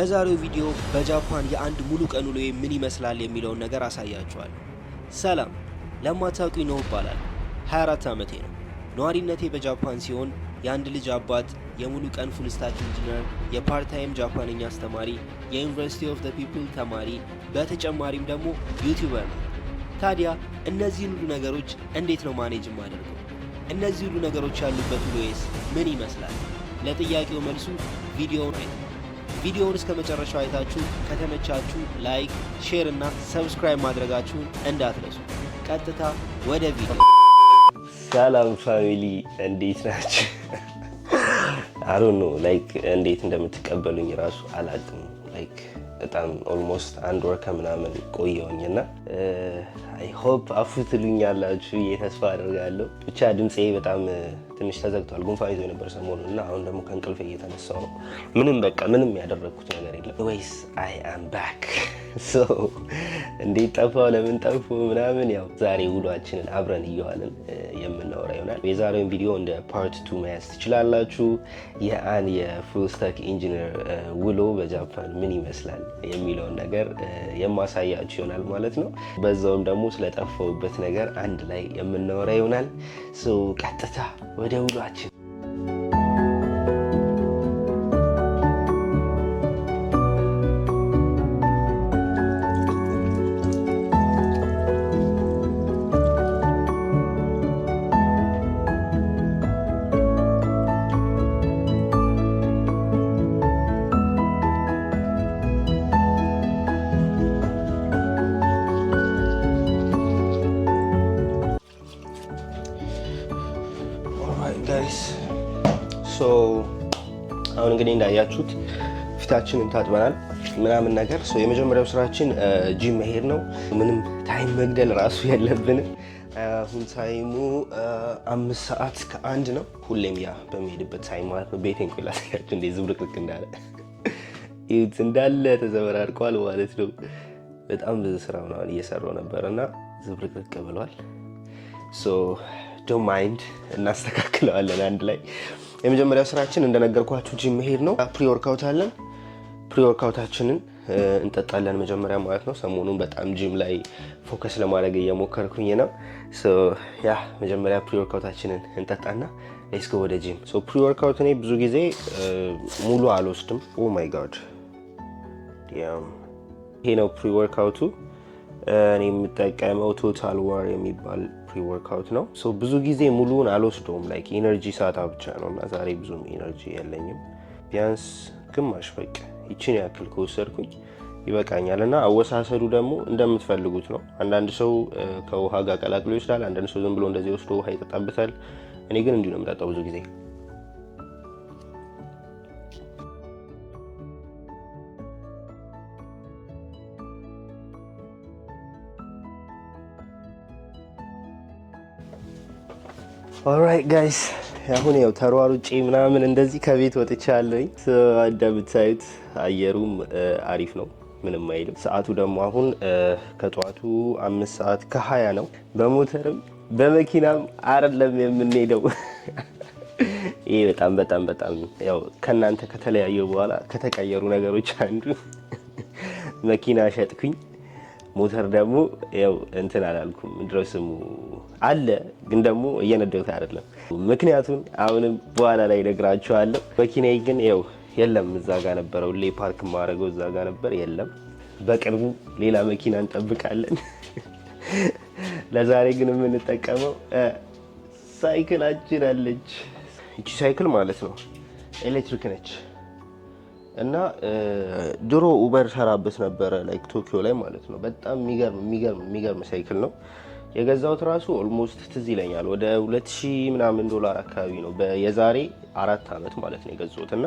በዛሬው ቪዲዮ በጃፓን የአንድ ሙሉ ቀን ውሎዬ ምን ይመስላል የሚለውን ነገር አሳያችኋለሁ። ሰላም፣ ለማታውቁኝ ነው ይባላል። 24 ዓመቴ ነው። ነዋሪነቴ በጃፓን ሲሆን የአንድ ልጅ አባት፣ የሙሉ ቀን ፉልስታክ ኢንጂነር፣ የፓርታይም ጃፓንኛ አስተማሪ፣ የዩኒቨርሲቲ ኦፍ ዘ ፒፕል ተማሪ፣ በተጨማሪም ደግሞ ዩቲዩበር ነው። ታዲያ እነዚህን ሁሉ ነገሮች እንዴት ነው ማኔጅ የማደርገው? እነዚህ ሁሉ ነገሮች ያሉበት ውሎዬስ ምን ይመስላል? ለጥያቄው መልሱ ቪዲዮውን ቪዲዮውን እስከ መጨረሻው አይታችሁ ከተመቻችሁ ላይክ፣ ሼር እና ሰብስክራይብ ማድረጋችሁን እንዳትረሱ። ቀጥታ ወደ ቪዲዮ። ሰላም ፋሚሊ እንዴት ናችሁ? አሮ ነው ላይክ እንዴት እንደምትቀበሉኝ ራሱ አላቅም። ላይክ በጣም ኦልሞስት አንድ ወር ከምናምን ቆየውኝ እና አይ ሆፕ አፉ ትሉኛላችሁ እየተስፋ ተስፋ አድርጋለሁ። ብቻ ድምፄ በጣም ትንሽ ተዘግቷል። ጉንፋን ይዞ የነበረ ሰሞኑ እና አሁን ደግሞ ከእንቅልፍ እየተነሳው ነው። ምንም በቃ ምንም ያደረግኩት ነገር የለም። ወይስ አይ አም ባክ እንዴት ጠፋው? ለምን ጠፉ? ምናምን ያው ዛሬ ውሏችንን አብረን እየዋልን የምናወራ ይሆናል። የዛሬውን ቪዲዮ እንደ ፓርት ቱ መያዝ ትችላላችሁ። የአን የፉልስታክ ኢንጂነር ውሎ በጃፓን ምን ይመስላል የሚለውን ነገር የማሳያችሁ ይሆናል ማለት ነው። በዛውም ደግሞ ስለጠፋውበት ነገር አንድ ላይ የምናወራ ይሆናል። ቀጥታ ወደ ውሏችን አሁን እንግዲህ እንዳያችሁት ፊታችንን ታጥበናል ምናምን ነገር። የመጀመሪያው ስራችን ጂም መሄድ ነው። ምንም ታይም መግደል ራሱ የለብንም። አሁን ታይሙ አምስት ሰዓት ከአንድ ነው። ሁሌም ያ በሚሄድበት ታይም ማለት ነው። ቤቴን ቆይ ላሳያችሁ እንደ ዝብርቅርቅ እንዳለ ይሁት እንዳለ ተዘበራርቋል ማለት ነው። በጣም ብዙ ስራ ምናምን እየሰራው ነበር እና ዝብርቅርቅ ብሏል። ዶንት ማይንድ እናስተካክለዋለን አንድ ላይ የመጀመሪያው ስራችን እንደነገርኳችሁ ጂም መሄድ ነው። ፕሪወርካውት አለን። ፕሪወርካውታችንን እንጠጣለን መጀመሪያ ማለት ነው። ሰሞኑን በጣም ጂም ላይ ፎከስ ለማድረግ እየሞከርኩኝ ነው። ያ መጀመሪያ ፕሪወርካውታችንን እንጠጣና ሌስክ ወደ ጂም። ፕሪወርካውት እኔ ብዙ ጊዜ ሙሉ አልወስድም። ኦ ማይ ጋድ ይሄ ነው ፕሪወርካውቱ። እኔ የምጠቀመው ቶታል ዋር የሚባል ፕሪ ወርክአውት ነው። ብዙ ጊዜ ሙሉውን አልወስደውም፣ ላይክ ኢነርጂ ሳታ ብቻ ነው እና ዛሬ ብዙም ኢነርጂ የለኝም። ቢያንስ ግማሽ በቅ ይችን ያክል ከወሰድኩኝ ይበቃኛል። እና አወሳሰዱ ደግሞ እንደምትፈልጉት ነው። አንዳንድ ሰው ከውሃ ጋር ቀላቅሎ ይወስዳል፣ አንዳንድ ሰው ዝም ብሎ እንደዚህ ወስዶ ውሃ ይጠጣበታል። እኔ ግን እንዲሁ ነው የምጠጣው ብዙ ጊዜ ኦራይት ጋይስ አሁን ያው ተሯሩጬ ምናምን እንደዚህ ከቤት ወጥቻለኝ። እንደምታዩት አየሩም አሪፍ ነው፣ ምንም አይልም። ሰዓቱ ደግሞ አሁን ከጠዋቱ አምስት ሰዓት ከሀያ ነው። በሞተርም በመኪናም አይደለም የምንሄደው። ይሄ በጣም በጣም በጣም ያው ከእናንተ ከተለያየው በኋላ ከተቀየሩ ነገሮች አንዱ መኪና ሸጥኩኝ። ሞተር ደግሞ ያው እንትን አላልኩም ድረው ስሙ አለ፣ ግን ደግሞ እየነዳሁት አይደለም። ምክንያቱም አሁንም በኋላ ላይ እነግራችኋለሁ። መኪናዬ ግን ያው የለም፣ እዛ ጋ ነበረው ሁሌ ፓርክ ማድረገው እዛ ጋ ነበር፣ የለም። በቅርቡ ሌላ መኪና እንጠብቃለን። ለዛሬ ግን የምንጠቀመው ሳይክላችን አለች። ይቺ ሳይክል ማለት ነው ኤሌክትሪክ ነች። እና ድሮ ኡበር ሰራበት ነበረ ላይክ ቶኪዮ ላይ ማለት ነው። በጣም የሚገርም የሚገርም የሚገርም ሳይክል ነው የገዛሁት ራሱ ኦልሞስት ትዝ ይለኛል ወደ 2000 ምናምን ዶላር አካባቢ ነው የዛሬ አራት ዓመት ማለት ነው የገዛሁት እና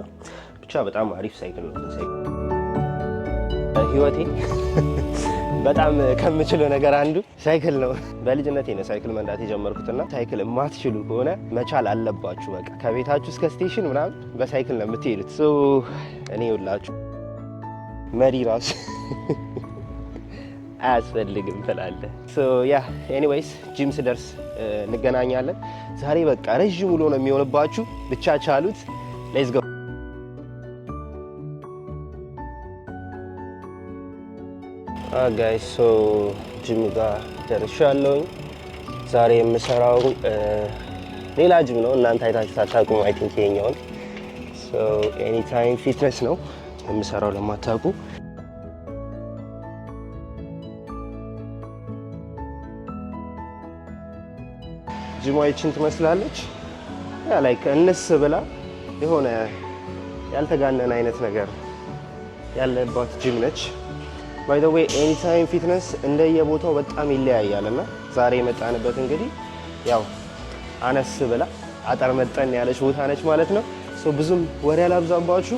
ብቻ በጣም አሪፍ ሳይክል ነው ሳይክል ህይወቴ በጣም ከምችለው ነገር አንዱ ሳይክል ነው። በልጅነቴ ነው ሳይክል መንዳት የጀመርኩትና ሳይክል የማትችሉ ከሆነ መቻል አለባችሁ። በቃ ከቤታችሁ እስከ ስቴሽን ምናምን በሳይክል ነው የምትሄዱት። እኔ ይውላችሁ መሪ ራሱ አያስፈልግም ትላለ። ያ ኤኒዌይስ ጂም ስደርስ እንገናኛለን። ዛሬ በቃ ረዥም ውሎ ነው የሚሆንባችሁ። ብቻ ቻሉት። ሌትስ ጎ ጋይስ ሶ ጅም ጋር ደርሻለሁኝ። ዛሬ የምሰራው eh, ሌላ ጅም ነው። እናንተ አይታችሁ ታታቁም። አይ ቲንክ ይኸኛውን ኤኒታይም ፊትነስ ነው የምሰራው ለማታቁ ጅማችን ትመስላለች። ያ ላይክ እንስ ብላ የሆነ ያልተጋነን አይነት ነገር ያለባት ጅም ነች። ባይ ዘ ዌይ ኤኒታይም ፊትነስ እንደየቦታው በጣም ይለያያል እና ዛሬ የመጣንበት እንግዲህ ያው አነስ ብላ አጠር መጠን ያለች ቦታ ነች ማለት ነው። ብዙም ወሬ አላብዛባችሁ፣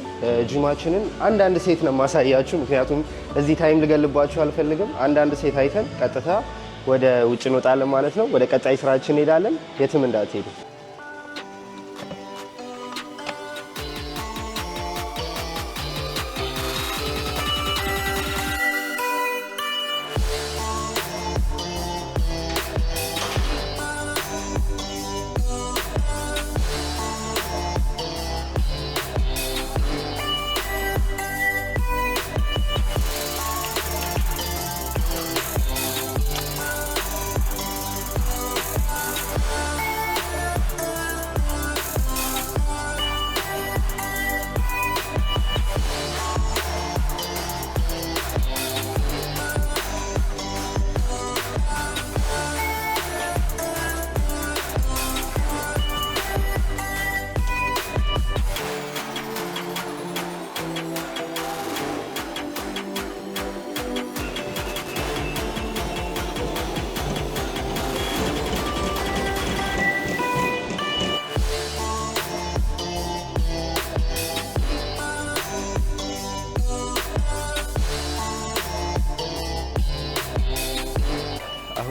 ጂማችንን አንዳንድ ሴት ነው ማሳያችሁ፣ ምክንያቱም እዚህ ታይም ልገልባችሁ አልፈልግም። አንዳንድ ሴት አይተን ቀጥታ ወደ ውጭ እንወጣለን ማለት ነው። ወደ ቀጣይ ስራችን እንሄዳለን። የትም እንዳትሄዱ።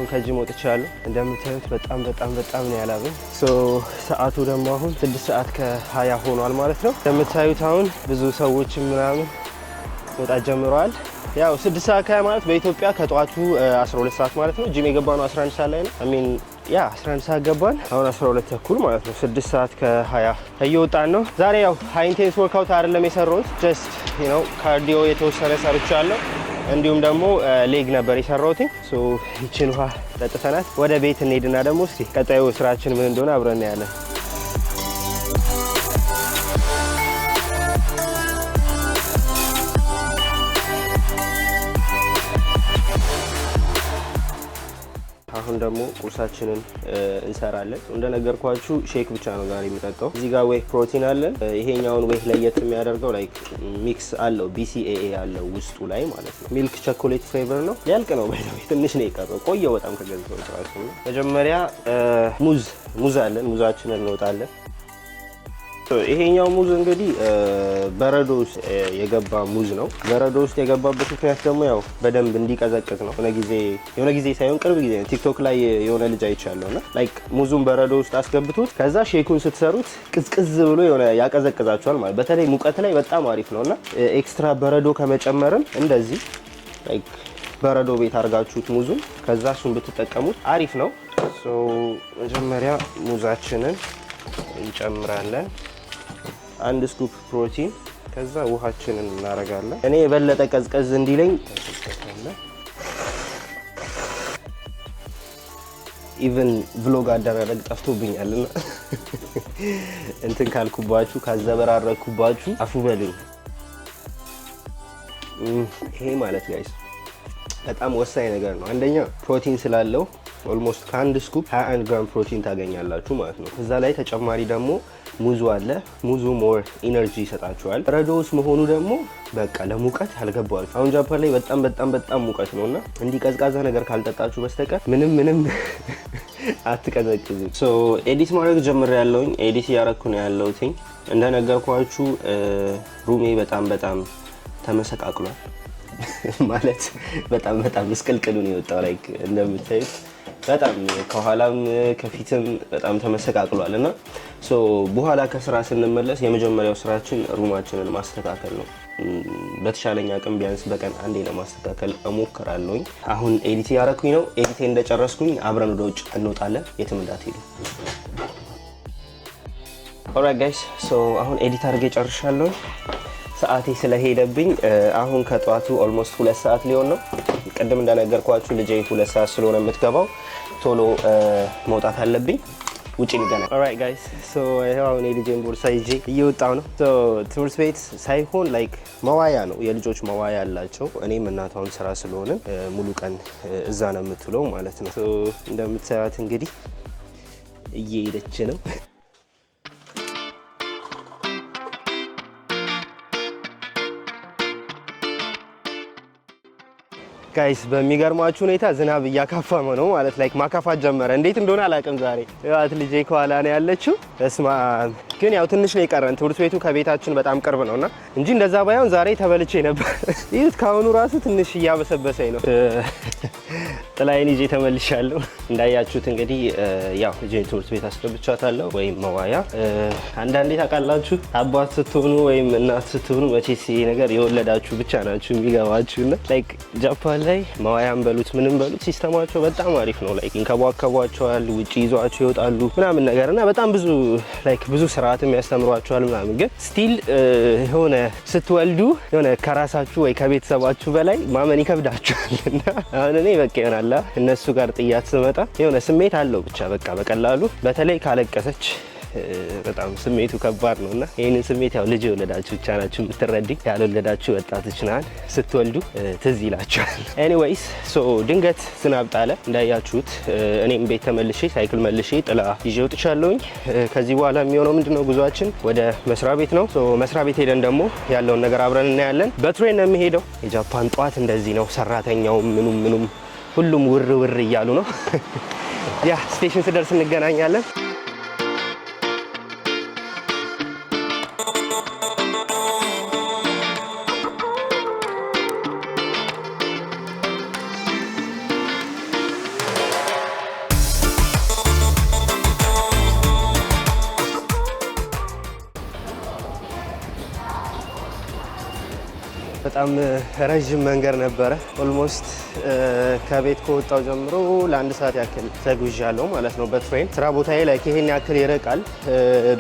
አሁን ከጂም ወጥቻለሁ። እንደምታዩት በጣም በጣም በጣም ነው ያላበኝ። ሰዓቱ ደግሞ አሁን ስድስት ሰዓት ከሀያ ሆኗል ማለት ነው። እንደምታዩት አሁን ብዙ ሰዎች ምናምን መውጣት ጀምረዋል። ያው ስድስት ሰዓት ከሀያ ማለት በኢትዮጵያ ከጠዋቱ 12 ሰዓት ማለት ነው። ጂም የገባ ነው 11 ሰዓት ላይ ነው አሚን ያ 11 ሰዓት ገባን። አሁን 12 ተኩል ማለት ነው። 6 ሰዓት ከ20 እየወጣን ነው። ዛሬ ያው ሃይ ኢንቴንስ ወርክ አይደለም የሰራሁት ጀስት ዩ ኖ ካርዲዮ የተወሰነ ሰርቻለሁ። እንዲሁም ደግሞ ሌግ ነበር የሰራሁትኝ። ይችን ውሃ ጠጥተናት ወደ ቤት እንሄድና ደግሞ እስኪ ቀጣዩ ስራችን ምን እንደሆነ አብረን ያለን አሁን ደግሞ ቁርሳችንን እንሰራለን። እንደነገርኳችሁ ሼክ ብቻ ነው ዛሬ የሚጠጣው። እዚህ ጋር ዌህ ፕሮቲን አለን። ይሄኛውን ዌህ ለየት የሚያደርገው ላይክ ሚክስ አለው ቢሲኤኤ አለው ውስጡ ላይ ማለት ነው። ሚልክ ቸኮሌት ፍሌቨር ነው። ሊያልቅ ነው ባይ ትንሽ ነው የቀረው። ቆየው በጣም ከገዛው ራሱ መጀመሪያ ሙዝ ሙዝ አለን። ሙዛችንን እንወጣለን ይሄኛው ሙዝ እንግዲህ በረዶ ውስጥ የገባ ሙዝ ነው። በረዶ ውስጥ የገባበት ምክንያት ደግሞ ያው በደንብ እንዲቀዘቅዝ ነው። የሆነ ጊዜ ሳይሆን ቅርብ ጊዜ ቲክቶክ ላይ የሆነ ልጅ አይቻለሁ እና ላይክ ሙዙን በረዶ ውስጥ አስገብቶት ከዛ ሼኩን ስትሰሩት ቅዝቅዝ ብሎ የሆነ ያቀዘቅዛቸዋል ማለት በተለይ ሙቀት ላይ በጣም አሪፍ ነው እና ኤክስትራ በረዶ ከመጨመርም እንደዚህ ላይክ በረዶ ቤት አድርጋችሁት ሙዙን ከዛ እሱን ብትጠቀሙት አሪፍ ነው። መጀመሪያ ሙዛችንን እንጨምራለን። አንድ ስኩፕ ፕሮቲን ከዛ ውሃችንን እናደርጋለን። እኔ የበለጠ ቀዝቀዝ እንዲለኝ ኢቨን ቭሎግ አደራረግ ጠፍቶብኛልና እንትን ካልኩባችሁ ካዘበራረግኩባችሁ አፉ በልኝ። ይሄ ማለት ጋይስ በጣም ወሳኝ ነገር ነው። አንደኛ ፕሮቲን ስላለው ኦልሞስት ከአንድ ስኩፕ 21 ግራም ፕሮቲን ታገኛላችሁ ማለት ነው። እዛ ላይ ተጨማሪ ደግሞ ሙዙ አለ። ሙዙ ሞር ኢነርጂ ይሰጣችኋል። ረዶ ውስጥ መሆኑ ደግሞ በቃ ለሙቀት አልገባዋችሁ። አሁን ጃፓን ላይ በጣም በጣም በጣም ሙቀት ነው እና እንዲህ ቀዝቃዛ ነገር ካልጠጣችሁ በስተቀር ምንም ምንም አትቀዘቅዙ። ኤዲት ማድረግ ያለውኝ ኤዲት እያረኩ ነው ያለሁትኝ። እንደነገርኳችሁ ሩሜ በጣም በጣም ተመሰቃቅሏል። ማለት በጣም በጣም ምስቅልቅሉ ነው የወጣው። ላይክ እንደምታዩት በጣም ከኋላም ከፊትም በጣም ተመሰቃቅሏል እና በኋላ ከስራ ስንመለስ የመጀመሪያው ስራችን ሩማችንን ማስተካከል ነው። በተሻለኝ አቅም ቢያንስ በቀን አንዴ ለማስተካከል እሞክራለሁኝ። አሁን ኤዲት ያረኩኝ ነው። ኤዲቴ እንደጨረስኩኝ አብረን ወደ ውጭ እንወጣለን። የትም እንዳትሄዱ። ኦራይት ጋይስ አሁን ኤዲት አድርጌ ጨርሻለሁ። ሰዓቴ ስለሄደብኝ አሁን ከጠዋቱ ኦልሞስት ሁለት ሰዓት ሊሆን ነው። ቅድም እንደነገርኳችሁ ልጄ ሁለት ሰዓት ስለሆነ የምትገባው ቶሎ መውጣት አለብኝ። ውጭ ልገናል። ኦራይት ጋይስ ሶ አሁን የልጄን ቦርሳ ይዤ እየወጣው ነው። ሶ ትምህርት ቤት ሳይሆን ላይክ መዋያ ነው፣ የልጆች መዋያ አላቸው። እኔም እናቷም ስራ ስለሆነ ሙሉ ቀን እዛ ነው የምትውለው ማለት ነው። እንደምትሰራት እንግዲህ እየሄደች ነው። ጋይስ በሚገርማችሁ ሁኔታ ዝናብ እያካፈመ ነው ማለት ላይክ ማካፋት ጀመረ። እንዴት እንደሆነ አላውቅም። ዛሬ እዋት ልጄ ከኋላ ነው ያለችው። በስመ አብ ግን ያው ትንሽ ነው የቀረን። ትምህርት ቤቱ ከቤታችን በጣም ቅርብ ነውና እንጂ እንደዛ ባይሆን ዛሬ ተበልቼ ነበር። ይሁት ከአሁኑ ራሱ ትንሽ እያበሰበሰኝ ነው። ጥላይን ይዤ ተመልሻለሁ። እንዳያችሁት እንግዲህ ያው ልጄን ትምህርት ቤት አስገብቻታለሁ ወይም መዋያ። አንዳንዴ ታውቃላችሁ አባት ስትሆኑ ወይም እናት ስትሆኑ መቼስ ይሄ ነገር የወለዳችሁ ብቻ ናችሁ የሚገባችሁና ላይክ ጃፓን ላይ መዋያን በሉት ምንም በሉት ሲስተማቸው በጣም አሪፍ ነው። ላይክ ይንከቧከቧቸዋል፣ ውጭ ይዟቸው ይወጣሉ ምናምን ነገር እና በጣም ብዙ ላይክ ብዙ ስራ ስርዓትም ያስተምሯቸዋል ምናምን። ግን ስቲል የሆነ ስትወልዱ የሆነ ከራሳችሁ ወይ ከቤተሰባችሁ በላይ ማመን ይከብዳችኋል። እና አሁን እኔ በቃ ይሆናላ እነሱ ጋር ጥያት ስመጣ የሆነ ስሜት አለው ብቻ በቃ በቀላሉ በተለይ ካለቀሰች በጣም ስሜቱ ከባድ ነው እና ይህንን ስሜት ያው ልጅ የወለዳችሁ ብቻ ናችሁ የምትረዲ። ያልወለዳችሁ ወጣቶች ናል ስትወልዱ ትዝ ይላችኋል። ኤኒዌይስ ሶ ድንገት ዝናብ ጣለ እንዳያችሁት። እኔም ቤት ተመልሼ ሳይክል መልሼ ጥላ ይዤ ወጥቻለሁኝ። ከዚህ በኋላ የሚሆነው ምንድነው ጉዟችን ወደ መስሪያ ቤት ነው። መስሪያ ቤት ሄደን ደግሞ ያለውን ነገር አብረን እናያለን። በትሬን ነው የሚሄደው። የጃፓን ጠዋት እንደዚህ ነው። ሰራተኛውም ምኑም ምኑም ሁሉም ውር ውር እያሉ ነው። ያ ስቴሽን ስደርስ እንገናኛለን። በጣም ረዥም መንገድ ነበረ። ኦልሞስት ከቤት ከወጣው ጀምሮ ለአንድ ሰዓት ያክል ተጉዣለሁ ማለት ነው በትሬን። ስራ ቦታዬ ላይ ይሄን ያክል ይርቃል።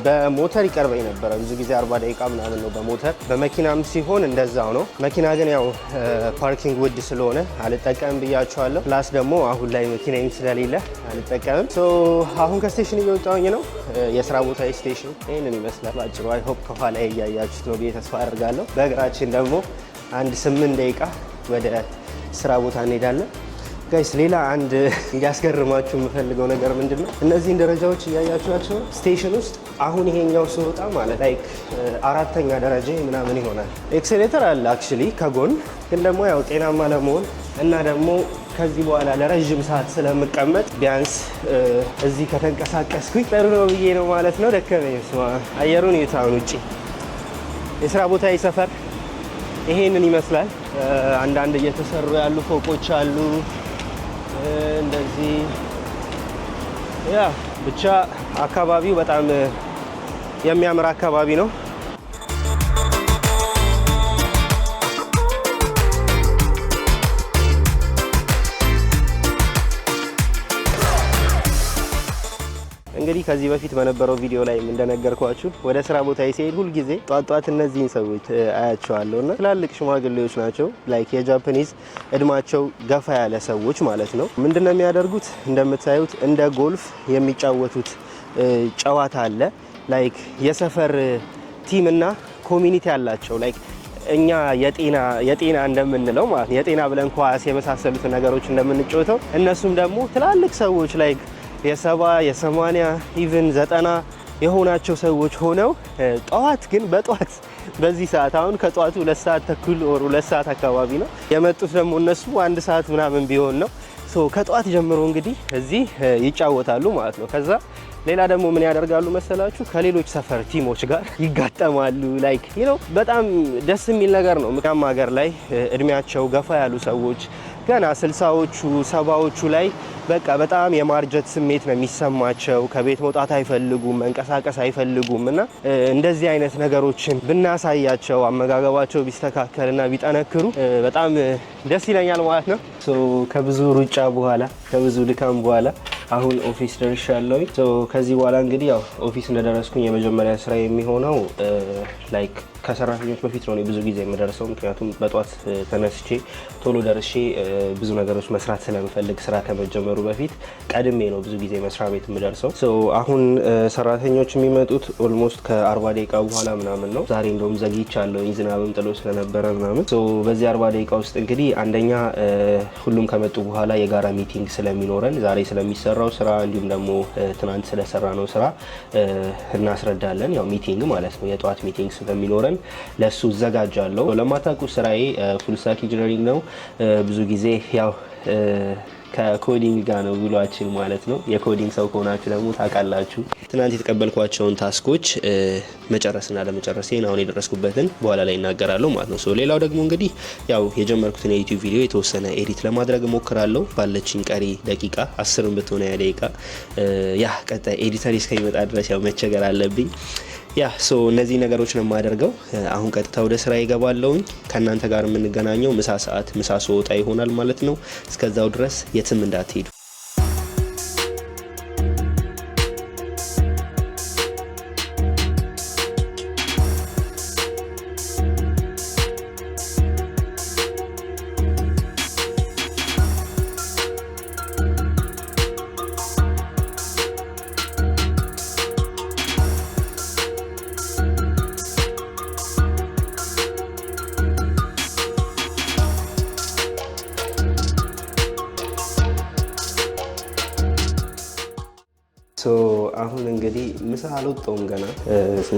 በሞተር ይቀርበኝ ነበረ ብዙ ጊዜ አርባ ደቂቃ ምናምን ነው በሞተር በመኪናም ሲሆን እንደዛው ነው። መኪና ግን ያው ፓርኪንግ ውድ ስለሆነ አልጠቀምም ብያቸዋለሁ። ፕላስ ደግሞ አሁን ላይ መኪናም ስለሌለ አልጠቀምም። አሁን ከስቴሽን እየወጣሁኝ ነው። የስራ ቦታ ስቴሽን ይህንን ይመስላል ባጭሩ። አይሆፕ ከኋላ እያያችሁት ነው ብዬ ተስፋ አድርጋለሁ። በእግራችን ደግሞ አንድ ስምንት ደቂቃ ወደ ስራ ቦታ እንሄዳለን። ጋይስ ሌላ አንድ እንዲያስገርማችሁ የምፈልገው ነገር ምንድን ነው፣ እነዚህን ደረጃዎች እያያችኋቸው ስቴሽን ውስጥ አሁን ይሄኛው ስወጣ ማለት ላይክ አራተኛ ደረጃ ምናምን ይሆናል። ኤክስሌተር አለ አክቹዋሊ ከጎን ግን ደግሞ ያው ጤናማ ለመሆን እና ደግሞ ከዚህ በኋላ ለረዥም ሰዓት ስለምቀመጥ ቢያንስ እዚህ ከተንቀሳቀስኩኝ ጥሩ ነው ብዬ ነው ማለት ነው። ደከመኝ። አየሩን የታውን ውጭ የስራ ቦታ ሰፈር ይሄንን ይመስላል። አንዳንድ እየተሰሩ ያሉ ፎቆች አሉ። እንደዚህ ያ ብቻ አካባቢው በጣም የሚያምር አካባቢ ነው። እንግዲህ ከዚህ በፊት በነበረው ቪዲዮ ላይ እንደነገርኳችሁ ወደ ስራ ቦታ ሲሄድ ሁልጊዜ ጧት ጧት እነዚህን ሰዎች አያቸዋለሁ እና ትላልቅ ሽማግሌዎች ናቸው። ላይክ የጃፓኒዝ እድማቸው ገፋ ያለ ሰዎች ማለት ነው። ምንድን ነው የሚያደርጉት? እንደምታዩት እንደ ጎልፍ የሚጫወቱት ጨዋታ አለ። ላይክ የሰፈር ቲም እና ኮሚኒቲ አላቸው። ላይክ እኛ የጤና የጤና እንደምንለው ማለት የጤና ብለን ኳስ የመሳሰሉት ነገሮች እንደምንጫወተው እነሱም ደግሞ ትላልቅ ሰዎች ላይክ የሰባ የሰማንያ ኢቭን ዘጠና የሆናቸው ሰዎች ሆነው ጠዋት ግን በጠዋት በዚህ ሰዓት አሁን ከጠዋቱ ሁለት ሰዓት ተኩል ወር ሁለት ሰዓት አካባቢ ነው የመጡት። ደግሞ እነሱ አንድ ሰዓት ምናምን ቢሆን ነው ከጠዋት ጀምሮ እንግዲህ እዚህ ይጫወታሉ ማለት ነው። ከዛ ሌላ ደግሞ ምን ያደርጋሉ መሰላችሁ? ከሌሎች ሰፈር ቲሞች ጋር ይጋጠማሉ። ላይክ ነው በጣም ደስ የሚል ነገር ነው። ምክንያቱም ሀገር ላይ እድሜያቸው ገፋ ያሉ ሰዎች ገና ስልሳዎቹ ሰባዎቹ ላይ በቃ በጣም የማርጀት ስሜት ነው የሚሰማቸው። ከቤት መውጣት አይፈልጉም፣ መንቀሳቀስ አይፈልጉም። እና እንደዚህ አይነት ነገሮችን ብናሳያቸው አመጋገባቸው ቢስተካከልና ቢጠነክሩ በጣም ደስ ይለኛል ማለት ነው። ከብዙ ሩጫ በኋላ ከብዙ ድካም በኋላ አሁን ኦፊስ ደርሻለሁ። ከዚህ በኋላ እንግዲህ ያው ኦፊስ እንደደረስኩኝ የመጀመሪያ ስራ የሚሆነው ላይክ ከሰራተኞች በፊት ነው ብዙ ጊዜ የምደርሰው። ምክንያቱም በጧት ተነስቼ ቶሎ ደርሼ ብዙ ነገሮች መስራት ስለምፈልግ ስራ ከመጀመሩ በፊት ቀድሜ ነው ብዙ ጊዜ መስሪያ ቤት የምደርሰው። አሁን ሰራተኞች የሚመጡት ኦልሞስት ከአርባ ደቂቃ በኋላ ምናምን ነው። ዛሬ እንደውም ዘግይቻለሁ ዝናብም ጥሎ ስለነበረ ምናምን። በዚህ አርባ ደቂቃ ውስጥ እንግዲህ አንደኛ ሁሉም ከመጡ በኋላ የጋራ ሚቲንግ ስለሚኖረን ዛሬ ስለሚሰራው ስራ እንዲሁም ደግሞ ትናንት ስለሰራ ነው ስራ እናስረዳለን። ያው ሚቲንግ ማለት ነው። የጠዋት ሚቲንግ ስለሚኖረን ለሱ እዘጋጃለሁ። ለማታውቁ ስራዬ ፉልስታክ ኢንጂነሪንግ ነው። ብዙ ጊዜ ያው ከኮዲንግ ጋር ነው ውሏችን ማለት ነው። የኮዲንግ ሰው ከሆናችሁ ደግሞ ታውቃላችሁ። ትናንት የተቀበልኳቸውን ታስኮች መጨረስና ለመጨረስ አሁን የደረስኩበትን በኋላ ላይ ይናገራለሁ ማለት ነው። ሌላው ደግሞ እንግዲህ ያው የጀመርኩትን የዩቲዩብ ቪዲዮ የተወሰነ ኤዲት ለማድረግ ሞክራለሁ ባለችኝ ቀሪ ደቂቃ አስርም ብትሆነ ያ ደቂቃ ያ ቀጣይ ኤዲተር እስከሚመጣ ድረስ ያው መቸገር አለብኝ። ያ ሶ እነዚህ ነገሮች ነው የማደርገው። አሁን ቀጥታ ወደ ስራ ይገባለውኝ። ከእናንተ ጋር የምንገናኘው ምሳ ሰዓት ምሳ ስወጣ ይሆናል ማለት ነው። እስከዛው ድረስ የትም እንዳትሄዱ።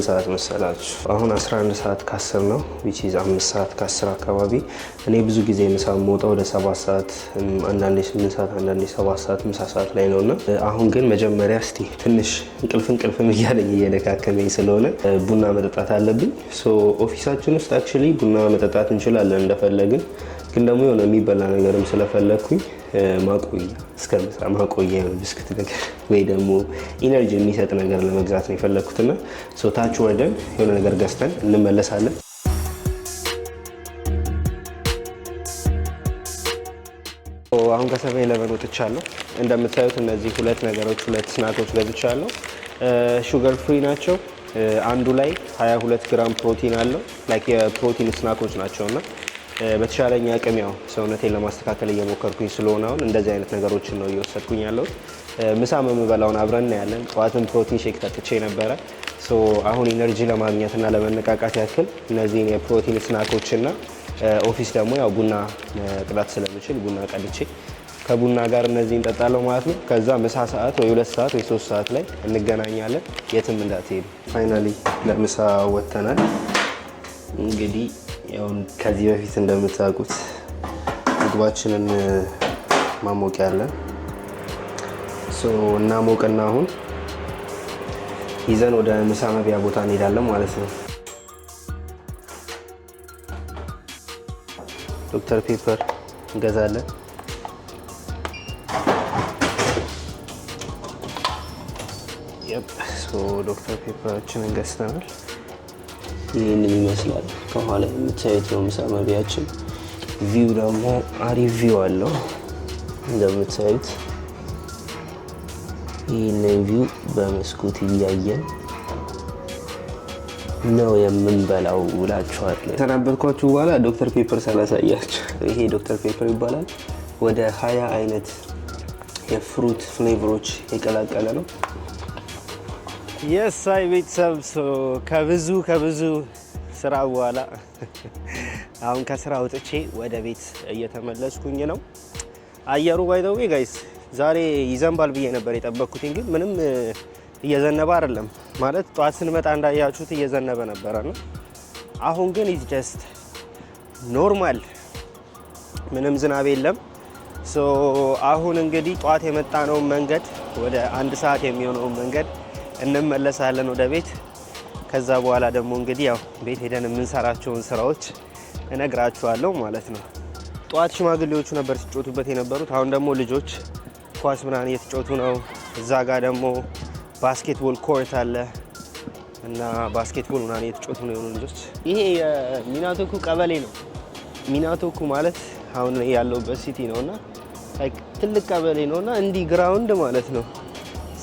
ሰዓት መሰላችሁ? አሁን 11 ሰዓት ከአስር ነው ዊች ኢዝ 5 ሰዓት ከአስር አካባቢ እኔ ብዙ ጊዜ ምሳ የምወጣው ወደ 7 ሰዓት አንዳንዴ 8 ሰዓት አንዳንዴ 7 ሰዓት ምሳ ሰዓት ላይ ነው እና አሁን ግን መጀመሪያ እስቲ ትንሽ እንቅልፍ እንቅልፍ እያለኝ እየደካከመኝ ስለሆነ ቡና መጠጣት አለብኝ። ሶ ኦፊሳችን ውስጥ አክቹዋሊ ቡና መጠጣት እንችላለን እንደፈለግን፣ ግን ደግሞ የሆነ የሚበላ ነገርም ስለፈለግኩኝ ማቆያ እስከምሳ ማቆያ ብስክት ነገር ወይ ደግሞ ኢነርጂ የሚሰጥ ነገር ለመግዛት ነው የፈለግኩትና ታች ወርደን የሆነ ነገር ገዝተን እንመለሳለን። አሁን ከሰባ ኢለቨን ወጥቻለሁ። እንደምታዩት እነዚህ ሁለት ነገሮች ሁለት ስናኮች ገዝቻለሁ። ሹገር ፍሪ ናቸው። አንዱ ላይ 22 ግራም ፕሮቲን አለው። ላይክ የፕሮቲን ስናኮች ናቸው እና በተሻለኝ አቅም ያው ሰውነቴን ለማስተካከል እየሞከርኩኝ ስለሆነ አሁን እንደዚህ አይነት ነገሮችን ነው እየወሰድኩኝ ያለሁት። ምሳ የምበላውን አብረን እናያለን። ጠዋትም ፕሮቲን ሼክ ጠጥቼ ነበረ። አሁን ኢነርጂ ለማግኘትና ለመነቃቃት ያክል እነዚህን የፕሮቲን ስናኮችና ኦፊስ ደግሞ ያው ቡና መቅዳት ስለምችል ቡና ቀድቼ ከቡና ጋር እነዚህ እንጠጣለው ማለት ነው። ከዛ ምሳ ሰዓት ወይ ሁለት ሰዓት ወይ ሶስት ሰዓት ላይ እንገናኛለን። የትም እንዳትሄዱ። ፋይናሊ ለምሳ ወጥተናል እንግዲህ ከዚህ በፊት እንደምታውቁት ምግባችንን ማሞቅ ያለን እናሞቅና አሁን ይዘን ወደ ምሳ መብያ ቦታ እንሄዳለን ማለት ነው። ዶክተር ፔፐር እንገዛለን። ዶክተር ፔፐራችንን ገዝተናል። ይህንን ይመስላል። ከኋላ የምታዩት ነው ምሳ መቢያችን። ቪው ደግሞ አሪፍ ቪው አለው እንደምታዩት። ይህንን ቪው በመስኮት እያየን ነው የምንበላው ብላችኋለሁ። ተናበትኳችሁ። በኋላ ዶክተር ፔፐር ሳላሳያችሁ ይሄ ዶክተር ፔፐር ይባላል። ወደ ሀያ አይነት የፍሩት ፍሌቨሮች የቀላቀለ ነው። የሳይ ቤተሰብ ከብዙ ከብዙ ስራ በኋላ አሁን ከስራ ወጥቼ ወደ ቤት እየተመለስኩኝ ነው። አየሩ ባይተዌ ጋይስ ዛሬ ይዘንባል ብዬ ነበር የጠበቅኩትኝ፣ ግን ምንም እየዘነበ አይደለም። ማለት ጠዋት ስንመጣ እንዳያችሁት እየዘነበ ነበረ ነው። አሁን ግን ኢዝ ጀስት ኖርማል፣ ምንም ዝናብ የለም። አሁን እንግዲህ ጠዋት የመጣነውን መንገድ ወደ አንድ ሰዓት የሚሆነውን መንገድ እንመለሳለን ወደ ቤት። ከዛ በኋላ ደግሞ እንግዲህ ያው ቤት ሄደን የምንሰራቸውን ስራዎች እነግራችኋለሁ ማለት ነው። ጠዋት ሽማግሌዎቹ ነበር ሲጮቱበት የነበሩት። አሁን ደግሞ ልጆች ኳስ ምናምን እየተጮቱ ነው። እዛ ጋር ደግሞ ባስኬትቦል ኮርት አለ እና ባስኬትቦል ምናምን እየተጮቱ ነው የሆኑ ልጆች። ይሄ የሚናቶኩ ቀበሌ ነው። ሚናቶኩ ማለት አሁን ያለውበት ሲቲ ነው እና ትልቅ ቀበሌ ነው እና እንዲህ ግራውንድ ማለት ነው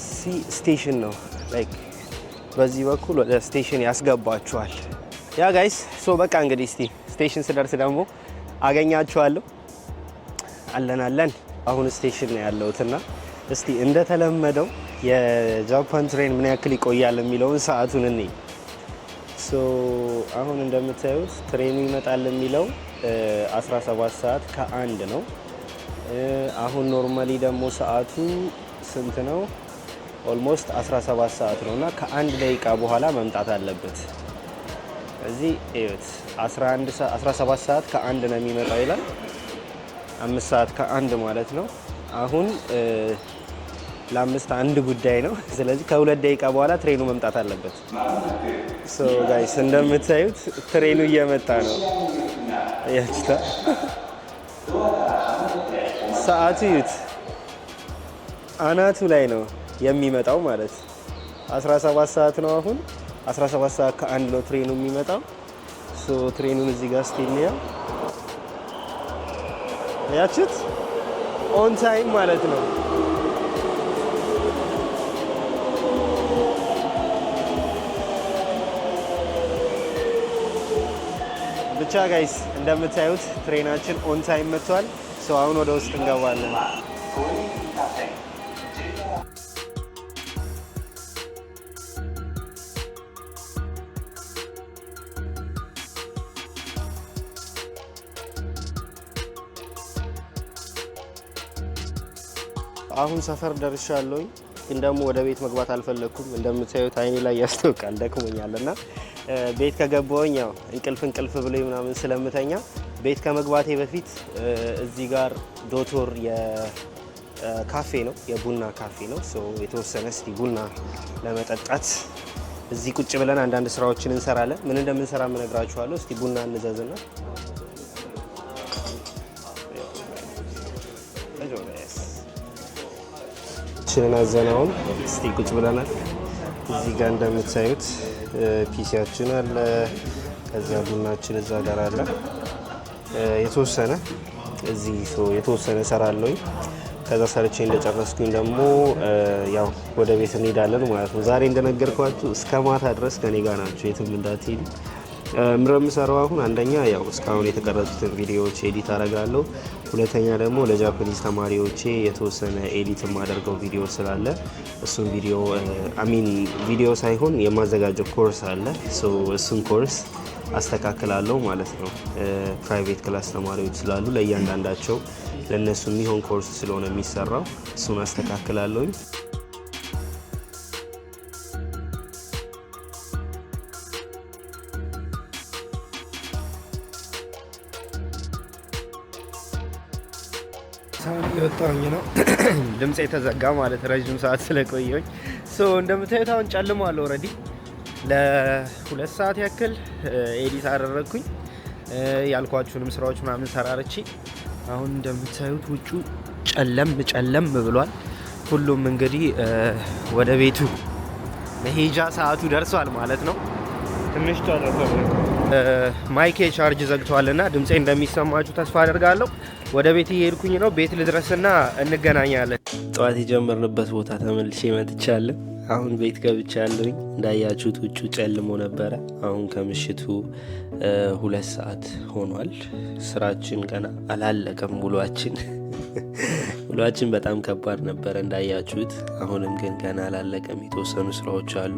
ሲ ስቴሽን ነው በዚህ በኩል ወደ ስቴሽን ያስገባችኋል። ያ ጋይስ ሶ በቃ እንግዲህ እስቲ ስቴሽን ስደርስ ደግሞ አገኛችኋለሁ። አለን አለን። አሁን ስቴሽን ነው ያለሁትና እስቲ እንደተለመደው የጃፓን ትሬን ምን ያክል ይቆያል የሚለውን ሰዓቱን እኔ ሶ አሁን እንደምታዩት ትሬኑ ይመጣል የሚለው 17 ሰዓት ከአንድ ነው። አሁን ኖርማሊ ደግሞ ሰዓቱ ስንት ነው? ኦልሞስት 17 ሰዓት ነው እና ከአንድ ደቂቃ በኋላ መምጣት አለበት። እዚህ እዩት 17 ሰዓት ከአንድ ነው የሚመጣው ይላል። አምስት ሰዓት ከአንድ ማለት ነው። አሁን ለአምስት አንድ ጉዳይ ነው። ስለዚህ ከሁለት ደቂቃ በኋላ ትሬኑ መምጣት አለበት። ሶ ጋይስ እንደምታዩት ትሬኑ እየመጣ ነው። ያችታ ሰዓቱ እዩት አናቱ ላይ ነው። የሚመጣው ማለት ነው። 17 ሰዓት ነው አሁን 17 ሰዓት ከአንድ ነው ትሬኑ የሚመጣው። ሶ ትሬኑን እዚህ ጋር እስቲ ያችት ኦን ታይም ማለት ነው። ብቻ ጋይስ እንደምታዩት ትሬናችን ኦን ታይም መጥቷል። ሰው አሁን ወደ ውስጥ እንገባለን። አሁን ሰፈር ደርሻለሁኝ፣ ግን ደግሞ ወደ ቤት መግባት አልፈለግኩም። እንደምታዩት አይኔ ላይ ያስታውቃል ደክሞኛል እና ቤት ከገባሁኝ ያው እንቅልፍ እንቅልፍ ብሎ ምናምን ስለምተኛ ቤት ከመግባቴ በፊት እዚህ ጋር ዶቶር የካፌ ነው የቡና ካፌ ነው። የተወሰነ እስቲ ቡና ለመጠጣት እዚህ ቁጭ ብለን አንዳንድ ስራዎችን እንሰራለን። ምን እንደምንሰራ እነግራችኋለሁ። እስቲ ቡና እንዘዝና ፒሲያችንን አዘናውን እስቲ ቁጭ ብለናል። እዚህ ጋር እንደምታዩት ፒሲያችን አለ። ከዚያ ቡናችን እዛ ጋር አለ። የተወሰነ እዚህ የተወሰነ ሰራለኝ ከዛ ሰርቼ እንደጨረስኩኝ ደግሞ ያው ወደ ቤት እንሄዳለን ማለት ነው። ዛሬ እንደነገርኳችሁ እስከ ማታ ድረስ ከኔ ጋር ናቸው፣ የትም እንዳትሄዱ የምሰራው አሁን አንደኛ ያው እስካሁን የተቀረጹትን ቪዲዮዎች ኤዲት አደርጋለሁ። ሁለተኛ ደግሞ ለጃፓኒዝ ተማሪዎቼ የተወሰነ ኤዲት የማደርገው ቪዲዮ ስላለ እሱን ቪዲዮ አሚን ቪዲዮ ሳይሆን የማዘጋጀው ኮርስ አለ። እሱን ኮርስ አስተካክላለሁ ማለት ነው። ፕራይቬት ክላስ ተማሪዎች ስላሉ ለእያንዳንዳቸው ለእነሱ የሚሆን ኮርስ ስለሆነ የሚሰራው እሱን አስተካክላለሁኝ። የወጣሁኝ ነው። ድምፅ የተዘጋ ማለት ረዥም ሰዓት ስለቆየሁኝ እንደምታዩት አሁን ጨልሟል። ኦልሬዲ ለሁለት ሰዓት ያክል ኤዲት አደረግኩኝ ያልኳችሁንም ስራዎች ምናምን ሰራርቼ አሁን እንደምታዩት ውጩ ጨለም ጨለም ብሏል። ሁሉም እንግዲህ ወደ ቤቱ መሄጃ ሰዓቱ ደርሷል ማለት ነው። ትንሽ ማይኬ ቻርጅ ዘግቷልና ድምፄ እንደሚሰማችሁ ተስፋ አደርጋለሁ። ወደ ቤት እየሄድኩኝ ነው። ቤት ልድረስና እንገናኛለን። ጠዋት የጀመርንበት ቦታ ተመልሼ መጥቻለሁ። አሁን ቤት ገብቻለሁኝ። እንዳያችሁት ውጩ ጨልሞ ነበረ። አሁን ከምሽቱ ሁለት ሰዓት ሆኗል። ስራችን ገና አላለቀም ውሏችን ውሏችን በጣም ከባድ ነበረ እንዳያችሁት። አሁንም ግን ገና አላለቀም፣ የተወሰኑ ስራዎች አሉ።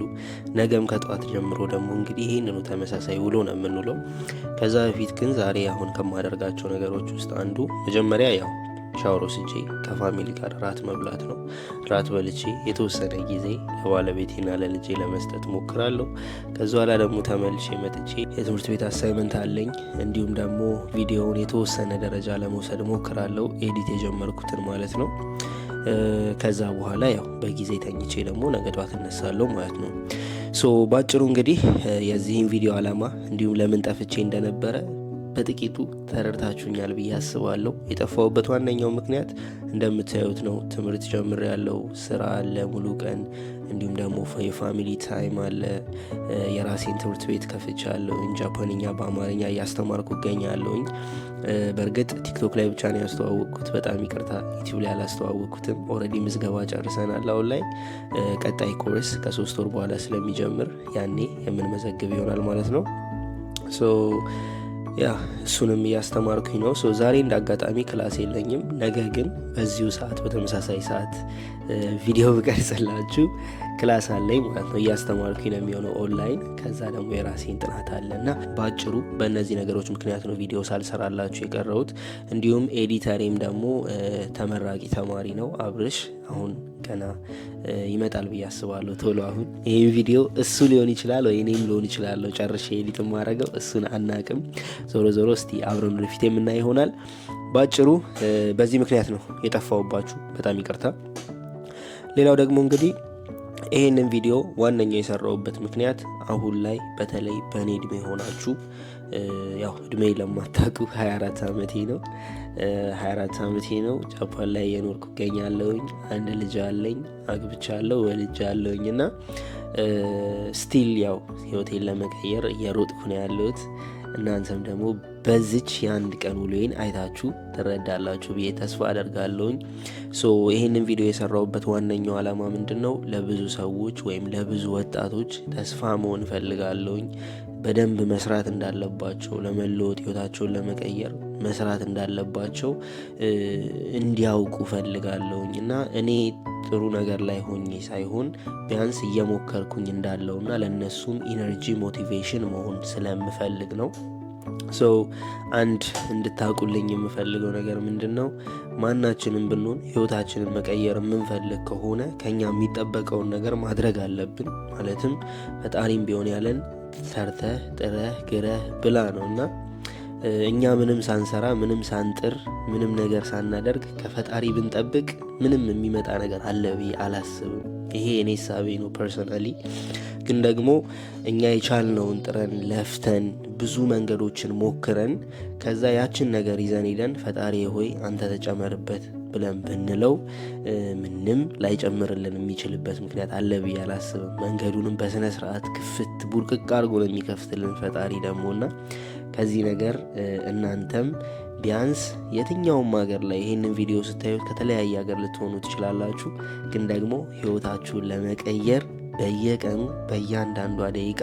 ነገም ከጠዋት ጀምሮ ደግሞ እንግዲህ ይህንኑ ተመሳሳይ ውሎ ነው የምንውለው። ከዛ በፊት ግን ዛሬ አሁን ከማደርጋቸው ነገሮች ውስጥ አንዱ መጀመሪያ ያው ሻወር ወስጄ ከፋሚሊ ጋር ራት መብላት ነው። ራት በልቼ የተወሰነ ጊዜ ለባለቤቴና ለልጄ ለመስጠት ሞክራለሁ። ከዚ በኋላ ደግሞ ተመልሼ መጥቼ የትምህርት ቤት አሳይመንት አለኝ። እንዲሁም ደግሞ ቪዲዮውን የተወሰነ ደረጃ ለመውሰድ ሞክራለሁ፣ ኤዲት የጀመርኩትን ማለት ነው። ከዛ በኋላ ያው በጊዜ ተኝቼ ደግሞ ነገ ጧት እነሳለሁ ማለት ነው። ሶ ባጭሩ እንግዲህ የዚህን ቪዲዮ አላማ እንዲሁም ለምን ጠፍቼ እንደነበረ በጥቂቱ ተረድታችሁኛል ብዬ አስባለሁ። የጠፋውበት ዋነኛው ምክንያት እንደምታዩት ነው። ትምህርት ጀምር ያለው ስራ አለ ሙሉ ቀን፣ እንዲሁም ደግሞ የፋሚሊ ታይም አለ። የራሴን ትምህርት ቤት ከፍቻለሁኝ። ጃፓንኛ በአማርኛ እያስተማርኩ እገኛለሁኝ። በእርግጥ ቲክቶክ ላይ ብቻ ነው ያስተዋወቅኩት። በጣም ይቅርታ፣ ዩቲዩብ ላይ አላስተዋወቅኩትም። ኦልሬዲ ምዝገባ ጨርሰናል። አሁን ላይ ቀጣይ ኮርስ ከሶስት ወር በኋላ ስለሚጀምር ያኔ የምንመዘግብ ይሆናል ማለት ነው ሶ ያ እሱንም እያስተማርኩኝ ነው። ሶ ዛሬ እንደ አጋጣሚ ክላስ የለኝም። ነገ ግን በዚሁ ሰዓት በተመሳሳይ ሰዓት ቪዲዮ ብቀርጽላችሁ ክላስ አለኝ ማለት ነው። እያስተማርኩኝ ነው የሚሆነው ኦንላይን። ከዛ ደግሞ የራሴን ጥናት አለ እና በአጭሩ በእነዚህ ነገሮች ምክንያት ነው ቪዲዮ ሳልሰራላችሁ የቀረሁት። እንዲሁም ኤዲተሬም ደግሞ ተመራቂ ተማሪ ነው አብርሽ። አሁን ገና ይመጣል ብዬ አስባለሁ ቶሎ። አሁን ይህም ቪዲዮ እሱ ሊሆን ይችላል ወይ እኔም ሊሆን ይችላለሁ ጨርሼ ኤዲት ማድረገው እሱን አናቅም። ዞሮ ዞሮ እስቲ አብረን ወደፊት የምናይ ይሆናል። በአጭሩ በዚህ ምክንያት ነው የጠፋውባችሁ። በጣም ይቅርታ። ሌላው ደግሞ እንግዲህ ይህንን ቪዲዮ ዋነኛ የሰራውበት ምክንያት አሁን ላይ በተለይ በእኔ እድሜ ሆናችሁ ያው እድሜ ለማታቁ 24 ዓመቴ ነው። 24 ዓመቴ ነው። ጃፓን ላይ የኖርኩ እገኛለሁኝ። አንድ ልጅ አለኝ፣ አግብቻለሁ፣ ወልጅ አለሁኝ እና ስቲል ያው ህይወቴን ለመቀየር እየሮጥኩ ነው ያለሁት። እናንተም ደግሞ በዚች የአንድ ቀን ውሎዬን አይታችሁ ትረዳላችሁ ብዬ ተስፋ አደርጋለውኝ ሶ ይህንን ቪዲዮ የሰራውበት ዋነኛው ዓላማ ምንድን ነው? ለብዙ ሰዎች ወይም ለብዙ ወጣቶች ተስፋ መሆን እፈልጋለሁኝ። በደንብ መስራት እንዳለባቸው ለመለወጥ ህይወታቸውን ለመቀየር መስራት እንዳለባቸው እንዲያውቁ ፈልጋለሁኝ እና እኔ ጥሩ ነገር ላይ ሆኜ ሳይሆን ቢያንስ እየሞከርኩኝ እንዳለውና ለእነሱም ኢነርጂ ሞቲቬሽን መሆን ስለምፈልግ ነው። ሶ አንድ እንድታውቁልኝ የምፈልገው ነገር ምንድን ነው? ማናችንም ብንሆን ህይወታችንን መቀየር የምንፈልግ ከሆነ ከኛ የሚጠበቀውን ነገር ማድረግ አለብን። ማለትም ፈጣሪም ቢሆን ያለን ሰርተህ ጥረህ ግረህ ብላ ነው እና እኛ ምንም ሳንሰራ ምንም ሳንጥር ምንም ነገር ሳናደርግ ከፈጣሪ ብንጠብቅ ምንም የሚመጣ ነገር አለ ብዬ አላስብም። ይሄ እኔ ሳቤ ነው ፐርሶናሊ። ግን ደግሞ እኛ የቻልነውን ጥረን ለፍተን ብዙ መንገዶችን ሞክረን ከዛ ያችን ነገር ይዘን ሄደን ፈጣሪ ሆይ አንተ ተጨመርበት ብለን ብንለው ምንም ላይጨምርልን የሚችልበት ምክንያት አለ ብዬ አላስብም። መንገዱንም በስነ ስርዓት ክፍት ቡርቅቅ አድርጎ ነው የሚከፍትልን ፈጣሪ ደግሞ እና ከዚህ ነገር እናንተም ቢያንስ የትኛውም ሀገር ላይ ይህንን ቪዲዮ ስታዩት ከተለያየ ሀገር ልትሆኑ ትችላላችሁ። ግን ደግሞ ህይወታችሁን ለመቀየር በየቀኑ በእያንዳንዷ ደቂቃ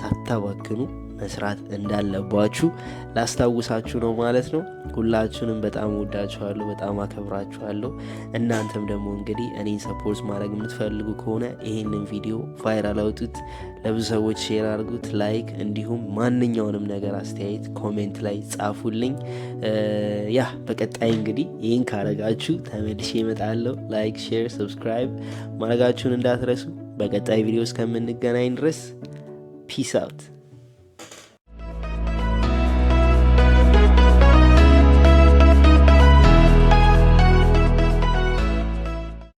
ሳታባክኑ መስራት እንዳለባችሁ ላስታውሳችሁ ነው ማለት ነው። ሁላችሁንም በጣም ወዳችኋለሁ፣ በጣም አከብራችኋለሁ። እናንተም ደግሞ እንግዲህ እኔን ሰፖርት ማድረግ የምትፈልጉ ከሆነ ይህንን ቪዲዮ ቫይራል አውጡት፣ ለብዙ ሰዎች ሼር አድርጉት፣ ላይክ እንዲሁም ማንኛውንም ነገር አስተያየት ኮሜንት ላይ ጻፉልኝ። ያ በቀጣይ እንግዲህ ይህን ካረጋችሁ ተመልሼ እመጣለሁ። ላይክ፣ ሼር፣ ሰብስክራይብ ማድረጋችሁን እንዳትረሱ። በቀጣይ ቪዲዮ እስከምንገናኝ ድረስ ፒስ አውት